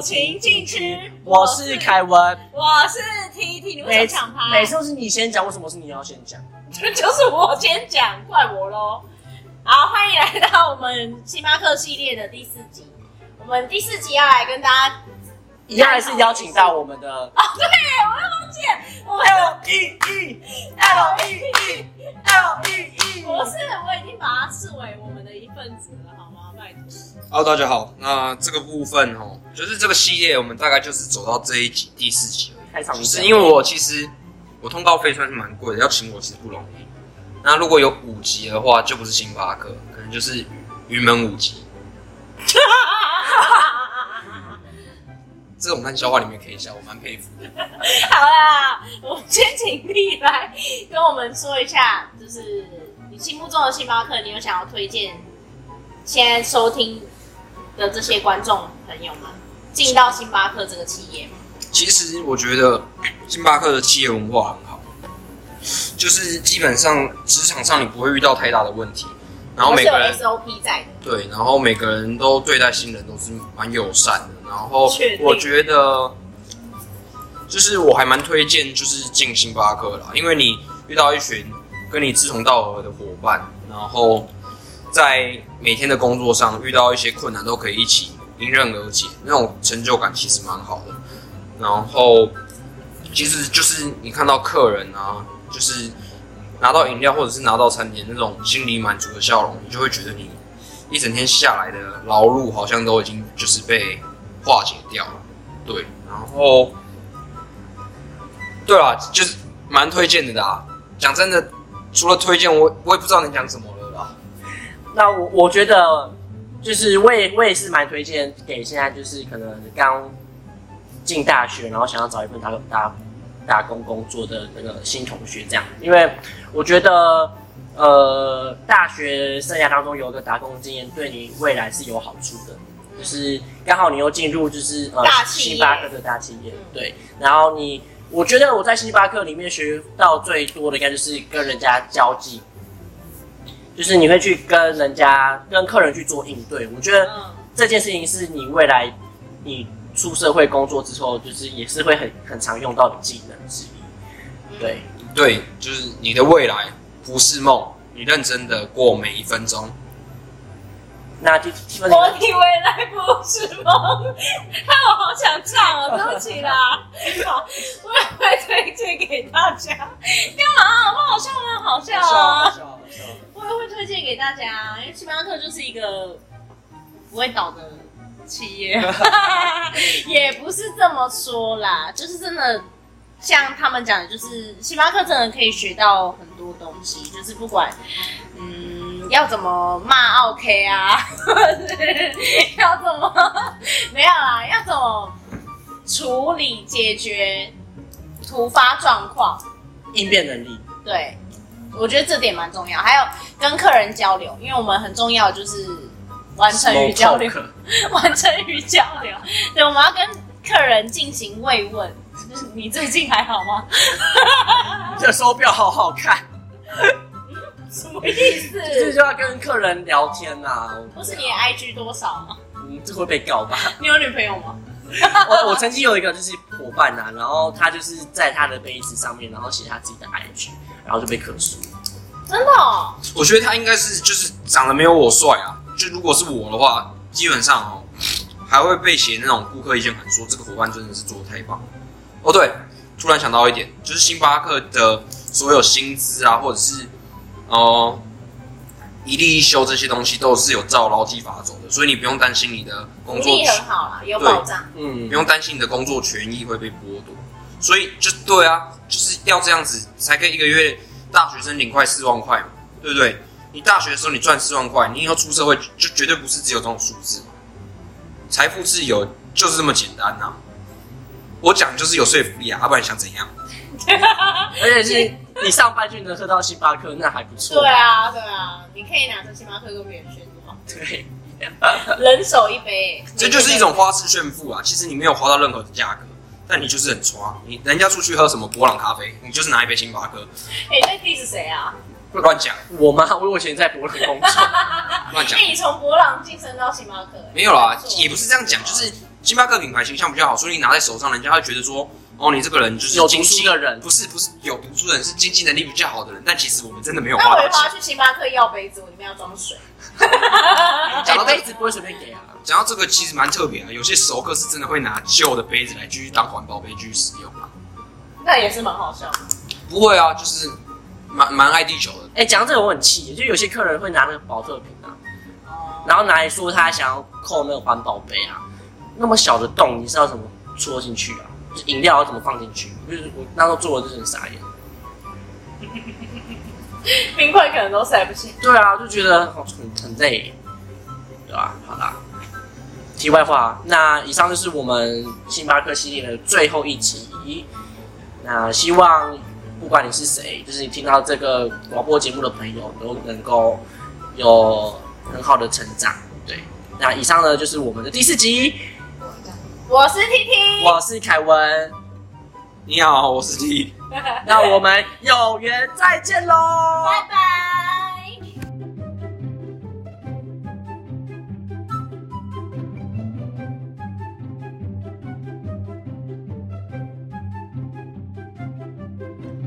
情禁區。我是凱文，我是 T T。你們在搶牌，每次都是你先講，為什麼是你要先講？這就是我先講，怪我嘍。好，歡迎來到我們星巴克系列的第四集。我們第四集要來跟大家，一樣還是邀請到我們的啊，對，我們王姐，我們 l e 還有 E。玉。L E E，不是，我已經把它視為我們的一份子了，好嗎？拜託。哦，oh, 大家好，那這個部分哦，就是這個系列，我們大概就是走到這一集第四集而已。太長了。不是，因為我其實我通告費算是蠻貴的，要請我是不容易。那如果有五集的話，就不是星巴克，可能就是雲，雲門五集。 這種爛笑話裡面可以笑，我蠻佩服的。 好啦，我先請你來跟我們說一下，就是你心目中的星巴克，你有想要推薦現在收聽的這些觀眾朋友們進到星巴克這個企業嗎？其實我覺得星巴克的企業文化很好，就是基本上職場上你不會遇到太大的問題。然後每個人 SOP 在，對，然後每個人都對待新人都是蠻友善的。然後我覺得，定就是我還蠻推薦就是進星巴克啦，因為你遇到一群跟你志同道合的夥伴，然後在每天的工作上遇到一些困難都可以一起迎刃而解，那種成就感其實蠻好的。然後其實就是你看到客人啊，就是。拿到飲料，或者是拿到餐點那種心裡滿足的笑容，你就會覺得你一整天下來的勞碌好像都已經就是被化解掉了。對，然後對啊，就是蠻推薦的啦，啊。講真的，除了推薦，我我也不知道你講什麼了啦。那我我覺得就是我也我也是蠻推薦給現在就是可能剛進大學，然後想要找一份打工打打工工作的那個新同學，這樣，因為我覺得，呃，大學生涯當中有一個打工經驗，對你未來是有好處的。就是剛好你又進入就是呃星巴克的大企業，對。然後你，我覺得我在星巴克裡面學到最多的應該就是跟人家交際，就是你會去跟人家，跟客人去做應對。我覺得這件事情是你未來你。出社會工作之後，就是也是會很很常用到的技能之一。對、嗯、對，就是你的未來不是夢，你認真的過每一分鐘。那就我以為未來不是夢， 啊，我好想唱啊、喔！對不起啦， 好，我也會推薦給大家。幹嘛、啊？我好笑嗎？好笑啊！笑笑笑，我也會推薦給大家、啊，因為星巴克就是一個不會倒的。企業 也不是這麼說啦，就是真的像他們講的，就是星巴克真的可以學到很多東西，就是不管嗯要怎麼罵 OK 啊，要怎麼，OK 啊，要怎麼沒有啦，要怎麼處理解決突發狀況，應變能力，對，我覺得這點蠻重要，還有跟客人交流，因為我們很重要就是。完成與交流，Small talk. 完成與交流，對，我們要跟客人進行慰問。你最近還好嗎？ 這手錶好好看， 什麼意思？就是就要跟客人聊天啊。哦、不是你的 IG 多少嗎？嗯，這會被告吧？ 你有女朋友嗎？ 我我曾經有一個就是夥伴啊，然後他就是在他的杯子上面，然後寫他自己的 IG，然後就被客訴。真的，哦？我覺得他應該是就是長得沒有我帥啊。就如果是我的話，基本上哦，還會被寫那種顧客意見函，說這個夥伴真的是做的太棒了。哦，對，突然想到一點，就是星巴克的所有薪資啊，或者是哦、呃，一例一休這些東西都是有照勞基法走的，所以你不用擔心你的工作很好了，有保障，嗯，嗯不用擔心你的工作權益會被剝奪。所以就對啊，就是要這樣子才可以一個月大學生領快四萬塊嘛，對不對？你大學的時候你賺四萬塊，你以後出社會就絕對不是只有這種數字。財富自由就是這麼簡單吶、啊，我講就是有說服力啊，要、啊、不然你想怎樣？ 而且是你上班就能喝到星巴克，那還不錯。對啊，對啊，你可以拿着星巴克做炫耀。對， 人手一杯，這就是一種花式炫富啊。其實你沒有花到任何的價格，但你就是很抓。你人家出去喝什麼伯朗咖啡，你就是拿一杯星巴克。哎、欸，這題是誰啊？會亂講我嗎？我以前在伯朗工作，亂講。你從伯朗晉升到星巴克？沒有啦，也不是這樣講，就是星巴克品牌形象比較好，所以你拿在手上，人家會覺得說，哦，你這個人就是有讀書的人，不是不是有讀書人，是經濟能力比較好的人。但其實我們真的沒有。那我去星巴克要杯子？我裡面要裝水。講到杯子不會隨便給啊。講到這個其實蠻特別啊。有些熟客是真的會拿舊的杯子來繼續當環保杯繼續使用啊。那也是蠻好笑。不會啊，就是。蠻蠻愛地球的，哎、欸，講到這個我很氣，就有些客人會拿那個保特瓶啊，然後拿來說他想要扣那個環保杯啊，那麼小的洞，你是要怎麼戳進去啊？就是、飲料要怎麼放進去？就是我那時候做的就是很傻眼，冰塊 可能都塞不進。對啊，就覺得很很累，對吧、啊？好啦，題外話，那以上就是我們星巴克系列的最後一集，那希望。不管你是誰，就是你聽到這個廣播節目的朋友都能夠有很好的成長。對，那以上呢，就是我們的第四集。我是 T T，我是凱文。你好，我是 T T。 那我們有緣再見嘍。拜拜。